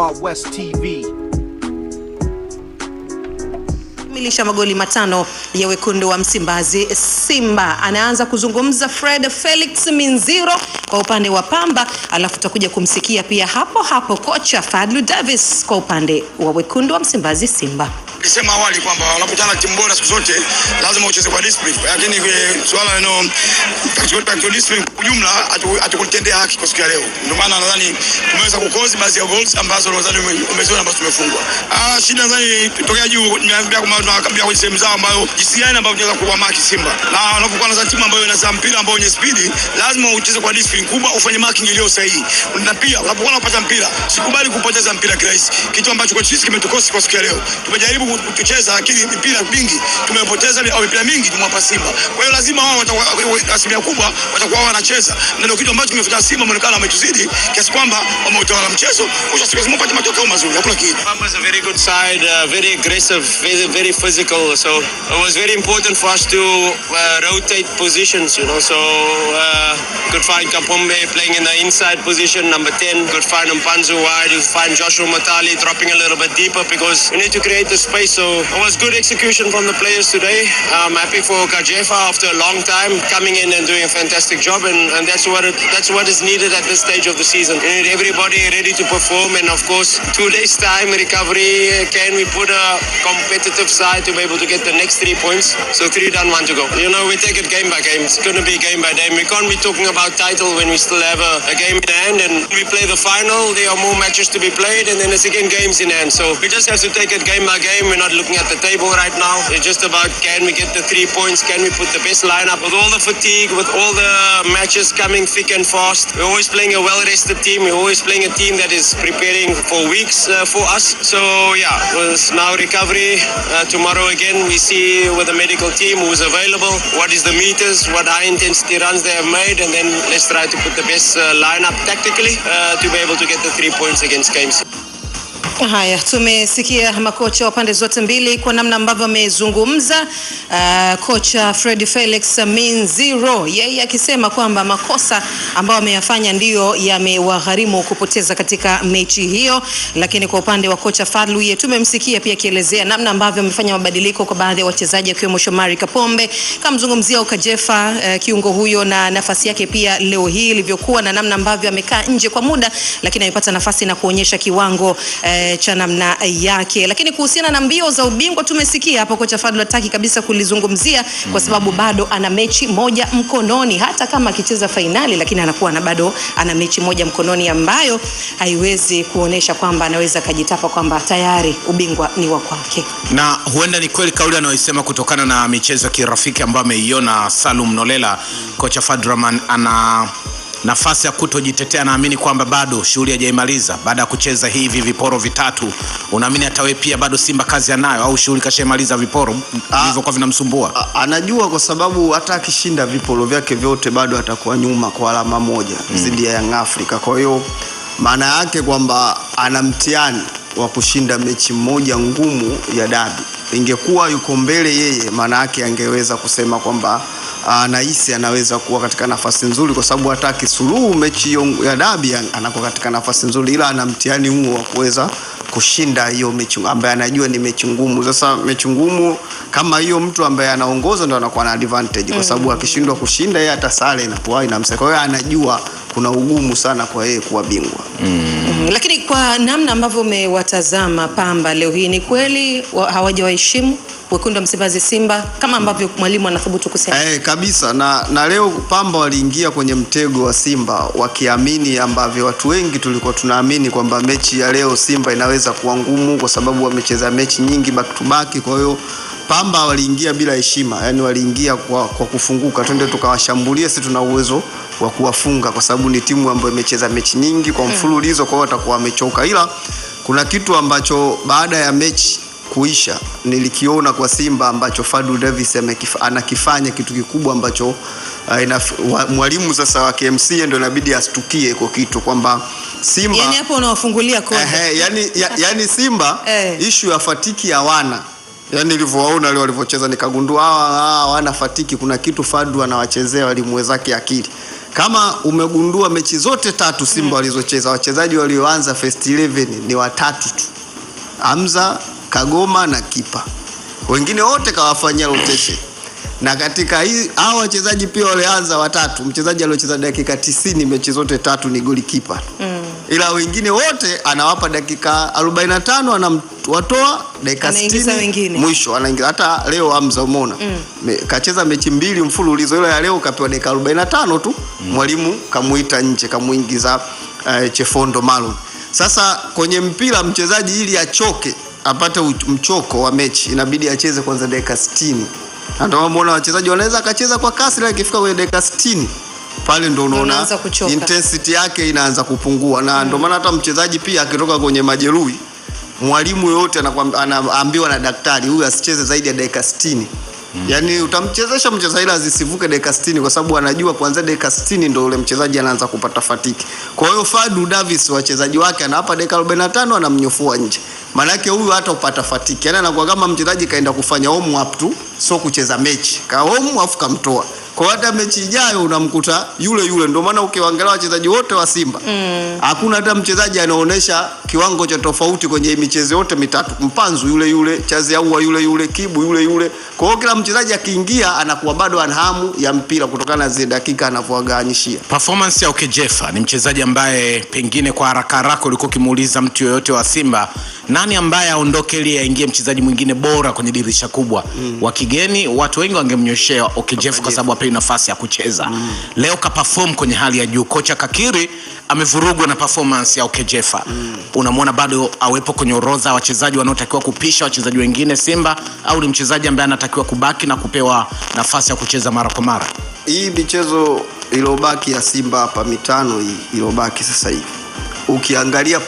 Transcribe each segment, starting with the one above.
Wild West TV. Milisha magoli matano ya wekundu wa Msimbazi Simba. Anaanza kuzungumza Fred Felix Minziro kwa upande wa Pamba, alafu tutakuja kumsikia pia hapo hapo kocha Fadlu Davis kwa upande wa wekundu wa Msimbazi Simba. Nilisema awali kwamba wanapokutana timu bora siku zote lazima ucheze kwa discipline, lakini swala no tactical discipline kwa jumla atakutendea haki kwa siku ya leo. Ndio maana nadhani tumeweza kukozi baadhi ya goals ambazo nadhani umeziona ambazo tumefungwa. Ah, shida nadhani tokea juu nimeambia kwamba tunakabia kwa sehemu zao ambayo jinsi gani ambayo tunaweza kuwa maki Simba. Na unapokuwa na timu ambayo ina mpira ambao ni speed, lazima ucheze kwa discipline kubwa, ufanye marking iliyo sahihi. Na pia unapokuwa unapata mpira, sikubali kupoteza mpira kirahisi. Kitu ambacho kwa sisi kimetukosa kwa siku ya leo. Tumejaribu humu tukicheza, lakini mipira mingi tumepoteza au mipira mingi tumwapa Simba. Kwa hiyo lazima wao asilimia kubwa watakuwa wanacheza, na ndio kitu ambacho kimefanya Simba muonekano ametuzidi kiasi kwamba wameutawala mchezo, kisha siku zima pata matokeo mazuri, hakuna kitu. Simba is a very good side, uh, very aggressive, very, very physical, so it was very important for us to uh, rotate positions, you know, so uh, Could find Kapombe playing in the inside position, number 10. Could find Mpanzu wide. You find Joshua Matali dropping a little bit deeper because we need to create the space. So it was good execution from the players today. I'm happy for Kajefa after a long time coming in and doing a fantastic job. And, and that's, what it, that's what is needed at this stage of the season. need everybody ready to perform. And of course, two days' time recovery. Can we put a competitive side to be able to get the next three points? So three done, one to go. You know, we take it game by game. It's going to be game by game. We can't be talking about about title when we still have a, a, game in hand and we play the final. There are more matches to be played and then it's again games in hand. So we just have to take it game by game. We're not looking at the table right now. It's just about can we get the three points? Can we put the best lineup? With all the fatigue, with all the matches coming thick and fast, we're always playing a well-rested team. We're always playing a team that is preparing for weeks uh, for us. So yeah, it's now recovery. Uh, tomorrow again, we see with the medical team who's available, what is the meters, what high intensity runs they have made, and then let's try to put the best uh, lineup tactically uh, to be able to get the three points against KMC. Haya, tumesikia makocha wa pande zote mbili kwa namna ambavyo wamezungumza. Uh, kocha Fred Felix Minziro yeye akisema kwamba makosa ambayo ameyafanya ndiyo yamewagharimu kupoteza katika mechi hiyo, lakini kwa upande wa kocha Fadlu yeye tumemsikia pia akielezea namna ambavyo amefanya mabadiliko kwa baadhi ya wachezaji akiwemo Shomari Kapombe, kamzungumzia Ukajefa uh, kiungo huyo na nafasi yake pia leo hii ilivyokuwa na namna ambavyo amekaa nje kwa muda, lakini amepata nafasi na kuonyesha kiwango uh, cha namna yake. Lakini kuhusiana na mbio za ubingwa tumesikia hapo kocha Fadlu hataki kabisa kulizungumzia kwa mm-hmm. sababu bado ana mechi moja mkononi, hata kama akicheza fainali, lakini anakuwa na bado ana mechi moja mkononi ambayo haiwezi kuonesha kwamba anaweza akajitapa kwamba tayari ubingwa ni wa kwake, na huenda ni kweli kauli anayoisema kutokana na michezo ya kirafiki ambayo ameiona Salum Nolela. Mm. Kocha Fadraman ana nafasi ya kutojitetea, naamini kwamba bado shughuli haijaimaliza Baada ya kucheza hivi viporo vitatu, unaamini hata wewe pia bado Simba kazi anayo, au shughuli kashaimaliza viporo vilivyokuwa vinamsumbua? Anajua kwa sababu hata akishinda viporo vyake vyote bado atakuwa nyuma kwa alama moja dhidi hmm. ya Young Africa. Kwa hiyo maana yake kwamba ana mtihani wa kushinda mechi moja ngumu ya dabi. Ingekuwa yuko mbele yeye, maana yake angeweza kusema kwamba Ah, anahisi anaweza kuwa katika nafasi nzuri, kwa sababu hata akisuluhu mechi ya dabi anakuwa katika nafasi nzuri, ila ana mtihani huo wa kuweza kushinda hiyo mechi ambaye anajua ni mechi ngumu. Sasa mechi ngumu kama hiyo, mtu ambaye anaongoza ndo anakuwa na advantage, kwa sababu mm. akishindwa kushinda yeye hata sare inapoa inamsaka. Kwa hiyo anajua kuna ugumu sana kwa yeye kuwa bingwa mm. Mm, lakini kwa namna ambavyo umewatazama Pamba leo hii, ni kweli hawajawaheshimu wekundu wa Msimbazi Simba, kama ambavyo mwalimu anathubutu kusema hey, eh, kabisa na, na leo Pamba waliingia kwenye mtego wa Simba wakiamini ambavyo watu wengi tulikuwa tunaamini kwamba mechi ya leo Simba inaweza kuwa ngumu kwa sababu wamecheza mechi nyingi back to back, kwa hiyo Pamba waliingia bila heshima, yani waliingia kwa, kwa kufunguka, twende tukawashambulia, sisi tuna uwezo wa kuwafunga kwa sababu ni timu ambayo imecheza mechi nyingi kwa hmm. mfululizo, kwa hiyo watakuwa wamechoka. Ila kuna kitu ambacho baada ya mechi kuisha, nilikiona kwa Simba ambacho fadu Davis anakifanya kitu kikubwa ambacho uh, inaf, wa, mwalimu sasa wa KMC ndio inabidi astukie kwa kitu kwamba Simba yani hapo unawafungulia kodi yaani, yaani eh, yani, ya, yani Simba eh, ishu ya fatiki hawana yani nilivyowaona leo walivyocheza nikagundua hawa ah, ah, hawana fatiki, kuna kitu fadu anawachezea walimu wenzake akili kama umegundua mechi zote tatu Simba mm, walizocheza wachezaji walioanza first 11 ni watatu tu amza Kagoma na kipa, wengine wote kawafanyia rotation. Na katika hii hao wachezaji pia walianza watatu, mchezaji aliocheza dakika 90 mechi zote tatu ni golikipa mm. Ila wengine wote anawapa dakika 45 anawatoa dakika 60 mwisho anaingiza. Hata leo Hamza umeona mm. Me, kacheza mechi mbili mfululizo, ile ya leo kapewa dakika 45 tu mm. Mwalimu kamuita nje kamuingiza uh, Chefondo Malum. Sasa kwenye mpira mchezaji ili achoke apate mchoko wa mechi inabidi acheze kwanza dakika 60. Na ndio umeona wachezaji wanaweza akacheza kwa kasi, lakini ikifika kwenye dakika 60 pale ndo unaona intensity yake inaanza kupungua, na ndio maana hata mchezaji pia akitoka kwenye majeruhi, mwalimu yoyote anaambiwa na daktari, huyu asicheze zaidi ya dakika 60 mm. yani utamchezesha mchezaji ila zisivuke dakika 60 kwa sababu anajua kuanzia dakika 60 ndio ule mchezaji anaanza kupata fatiki. Kwa hiyo Fadu Davis wachezaji wake anawapa dakika 45 anamnyofua nje. Maana yake huyu hata upata fatiki. Yaani anakuwa kama mchezaji kaenda kufanya homework tu, sio kucheza mechi. Ka homework afu kamtoa. Kwa hata mechi ijayo unamkuta yule yule. Ndio maana ukiwaangalia wachezaji wote wa Simba mm. hakuna mm. hata mchezaji anaonesha kiwango cha tofauti kwenye michezo yote mitatu. Mpanzu yule yule, Chazi Ahoua yule yule, Kibu yule yule. Kwa hiyo kila mchezaji akiingia anakuwa bado ana hamu ya mpira kutokana na zile dakika anavyowagawanyishia. Performance ya Okejefa ni mchezaji ambaye pengine kwa haraka haraka ulikuwa ukimuuliza mtu yoyote wa Simba nani ambaye aondoke ili aingie mchezaji mwingine bora kwenye dirisha kubwa mm. wa kigeni, watu wengi wangemnyoshea okay, kwa sababu apewi nafasi ya kucheza mm. Leo ka perform kwenye hali ya juu, kocha kakiri amevurugwa na performance ya Okejefa mm. Unamwona bado awepo kwenye orodha wachezaji wanaotakiwa kupisha wachezaji wengine Simba, au ni mchezaji ambaye anatakiwa kubaki na kupewa nafasi ya kucheza mara kwa mara? Hii michezo iliyobaki ya Simba hapa mitano iliyobaki sasa hivi ukiangalia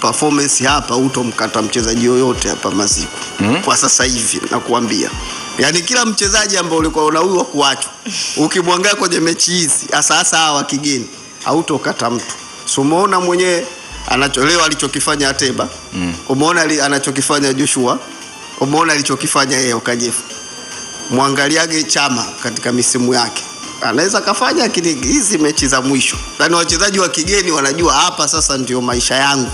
performance hapa utomkata mchezaji yoyote hapa Maziku mm -hmm. kwa sasa hivi nakuambia yaani kila mchezaji ambaye ulikuwa huyu kuachwa ukimwangaa kwenye mechi hizi hasa hasa hawa wa kigeni hautokata mtu so umeona mwenyewe anacho leo alichokifanya Ateba mm. umeona anachokifanya Joshua umeona alichokifanya yeye Okajefu mwangaliage Chama katika misimu yake anaweza kafanya, lakini hizi mechi za mwisho, yaani wachezaji wa kigeni wanajua hapa sasa ndio maisha yangu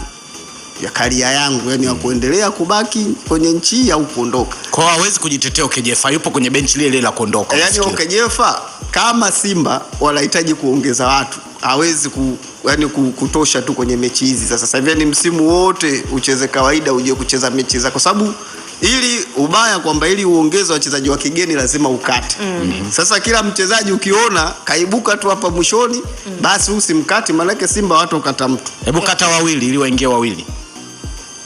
ya karia yangu yani, ya kuendelea kubaki kwenye nchi hii au kuondoka. Kwa hiyo hawezi kujitetea Okejefa, yupo kwenye benchi lile la kuondoka. Yani Okejefa kama Simba wanahitaji kuongeza watu, hawezi ku, yani kutosha tu kwenye mechi hizi za sasa hivi. Ni yaani msimu wote ucheze kawaida, uje kucheza mechi za kwa sababu ili ubaya kwamba ili uongeze wachezaji wa kigeni lazima ukate. mm -hmm. Sasa kila mchezaji ukiona kaibuka tu hapa mwishoni, mm -hmm. basi usimkate, maanake Simba watu ukata mtu, hebu kata wawili ili waingie wawili.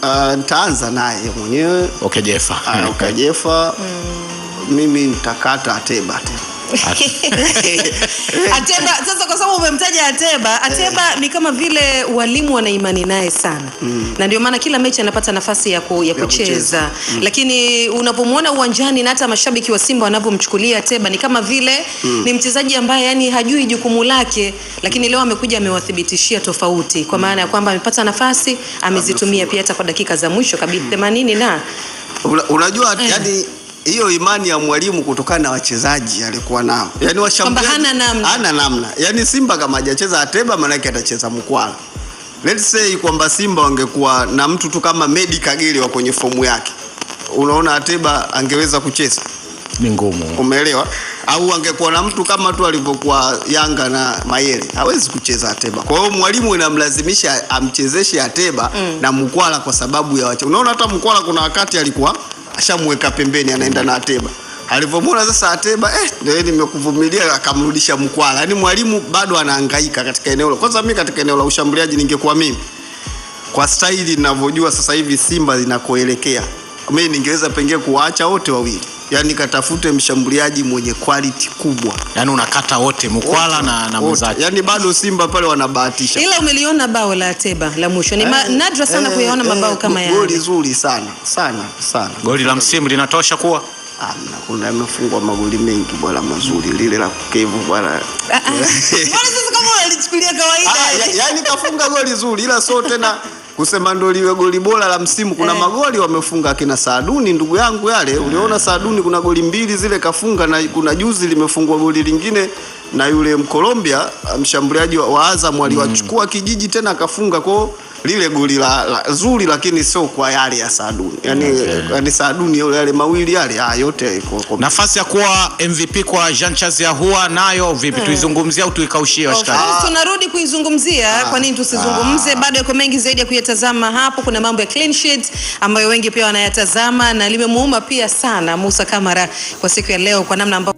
Uh, nitaanza naye mwenyewe okay, Jefa. Uh, okay, Jefa. Mm -hmm. Mimi nitakata Ateba tena Ateba sasa, kwa sababu umemtaja Ateba, Ateba eh. ni kama vile walimu wana imani naye sana mm. na ndio maana kila mechi anapata nafasi ya, ku, ya, ya kucheza, kucheza. Mm. lakini unapomwona uwanjani na hata mashabiki wa Simba wanavyomchukulia Ateba ni kama vile mm. ni mchezaji ambaye yani hajui jukumu lake, lakini leo amekuja amewathibitishia tofauti, kwa mm. maana ya kwamba amepata nafasi amezitumia pia hata kwa dakika za mwisho kabisa 80 mm. na unajua eh. yani hiyo imani ya mwalimu kutokana na wachezaji alikuwa nao, yani washambuliaji hana namna, hana namna. Yani Simba kama hajacheza Ateba, maanake atacheza Mkwala. Let's say kwamba Simba wangekuwa na mtu tu kama Medi kagili wa kwenye fomu yake, unaona Ateba angeweza kucheza ni ngumu, umeelewa? Au angekuwa na mtu kama tu alivyokuwa Yanga na Mayele, hawezi kucheza Ateba. Kwa hiyo mwalimu inamlazimisha amchezeshe Ateba mm. na Mkwala kwa sababu ya wacha, unaona hata Mkwala kuna wakati alikuwa ashamweka pembeni, anaenda na Ateba. Alivyomwona sasa Ateba, eh, ndio nimekuvumilia, akamrudisha mkwala. Yaani mwalimu bado anahangaika katika eneo kwanza. Mimi katika eneo la ushambuliaji ningekuwa mimi, kwa staili ninavyojua sasa hivi Simba linakoelekea, mimi ningeweza pengine kuwaacha wote wawili yani katafute mshambuliaji mwenye quality kubwa, yani unakata wote Mkwala na, na mwenzake. Yani bado Simba pale wanabahatisha, ila umeliona bao la Teba la mwisho ni eh, nadra sana eh, kuyaona eh, mabao kama yale. Goli zuri sana sana sana, goli la msimu linatosha kuwa ah, kuna amefungwa magoli mengi bwana mazuri, lile la Kevu bwana. Ah, ah. sasa kama kawaida? Yaani kafunga goli zuri ila sio tena kusema ndo liwe goli bora la msimu. Kuna eh, magoli wamefunga akina Saaduni ndugu yangu yale eh. Uliona Saaduni kuna goli mbili zile kafunga, na kuna juzi limefungwa goli lingine na yule Mkolombia mshambuliaji wa Azam aliwachukua mm. kijiji tena akafunga kwao lile goli la, la zuri lakini sio kwa yale ya Saaduni yani, okay. yani Saaduni yale yale mawili yale ah, yote kwa, nafasi ya kuwa MVP kwa Jean Charles Ahoua nayo vipi? hmm. tuizungumzie au tuikaushie oh, washikaji? Ah. Tunarudi kuizungumzia, kwa nini ah. tusizungumze? Bado yako mengi zaidi ya tazama hapo, kuna mambo ya clean sheet ambayo wengi pia wanayatazama na limemuuma pia sana Musa Kamara kwa siku ya leo kwa namna ambayo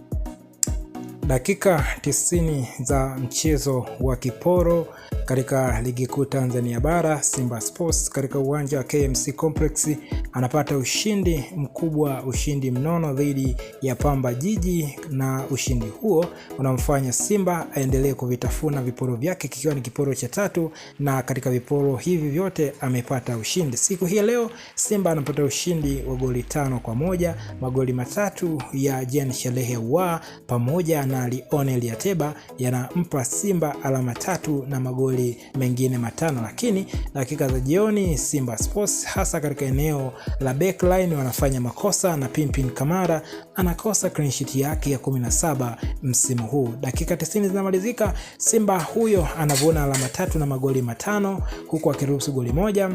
dakika 90 za mchezo wa kiporo katika ligi kuu Tanzania bara Simba Sports katika uwanja wa KMC Complex anapata ushindi mkubwa, ushindi mnono dhidi ya Pamba Jiji, na ushindi huo unamfanya Simba aendelee kuvitafuna viporo vyake kikiwa ni kiporo cha tatu, na katika viporo hivi vyote amepata ushindi. Siku hii leo Simba anapata ushindi wa goli tano kwa moja, magoli matatu ya Jean Shalehe wa pamoja na Lionel Yateba yanampa Simba alama tatu na magoli maswali mengine matano, lakini dakika za jioni Simba Sports hasa katika eneo la backline wanafanya makosa na Pimpin Kamara anakosa clean sheet yake ya 17 msimu huu. Dakika 90 zinamalizika, Simba huyo anavuna alama tatu na magoli matano huku akiruhusu goli moja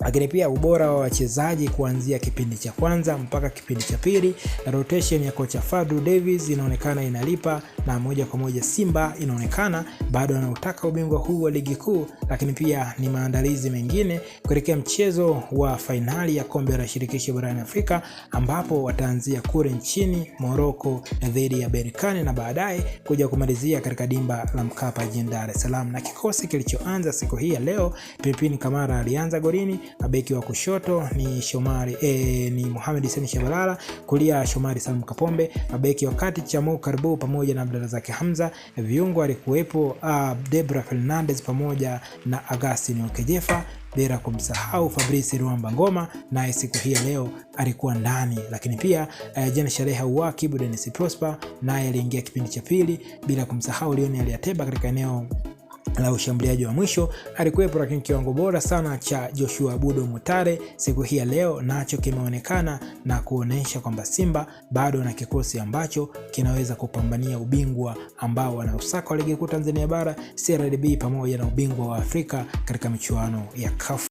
lakini pia ubora wa wachezaji kuanzia kipindi cha kwanza mpaka kipindi cha pili, na rotation ya kocha Fadlu Davis inaonekana inalipa, na moja kwa moja Simba inaonekana bado anautaka ubingwa huu wa ligi kuu, lakini pia ni maandalizi mengine kuelekea mchezo wa fainali ya kombe la shirikisho barani Afrika ambapo wataanzia kule nchini Morocco dhidi ya Berkane na baadaye kuja kumalizia katika dimba la Mkapa jijini Dar es Salaam. Na kikosi kilichoanza siku hii ya leo, Pipini Kamara alianza golini beki wa kushoto ni Shomari e, ni Mohamed Hussein Shabalala, kulia Shomari Salum Kapombe, beki wa kati Chamou Karibu pamoja na Abdalla Zaki Hamza, viungo alikuwepo ah, Debra Fernandez pamoja na Agustin Okejefa bila kumsahau Fabrice Ruamba Ngoma naye siku hii ya leo alikuwa ndani, lakini pia eh, Jean Shaleha Uwakibu, Dennis Prosper naye aliingia kipindi cha pili, bila kumsahau Leon Aliateba katika eneo la ushambuliaji wa mwisho alikuwepo, lakini kiwango bora sana cha Joshua Budo Mutare siku hii ya leo nacho kimeonekana na kuonesha kwamba Simba bado na kikosi ambacho kinaweza kupambania ubingwa ambao wanausaka wa ligi kuu Tanzania bara CRDB pamoja na ubingwa wa Afrika katika michuano ya CAF.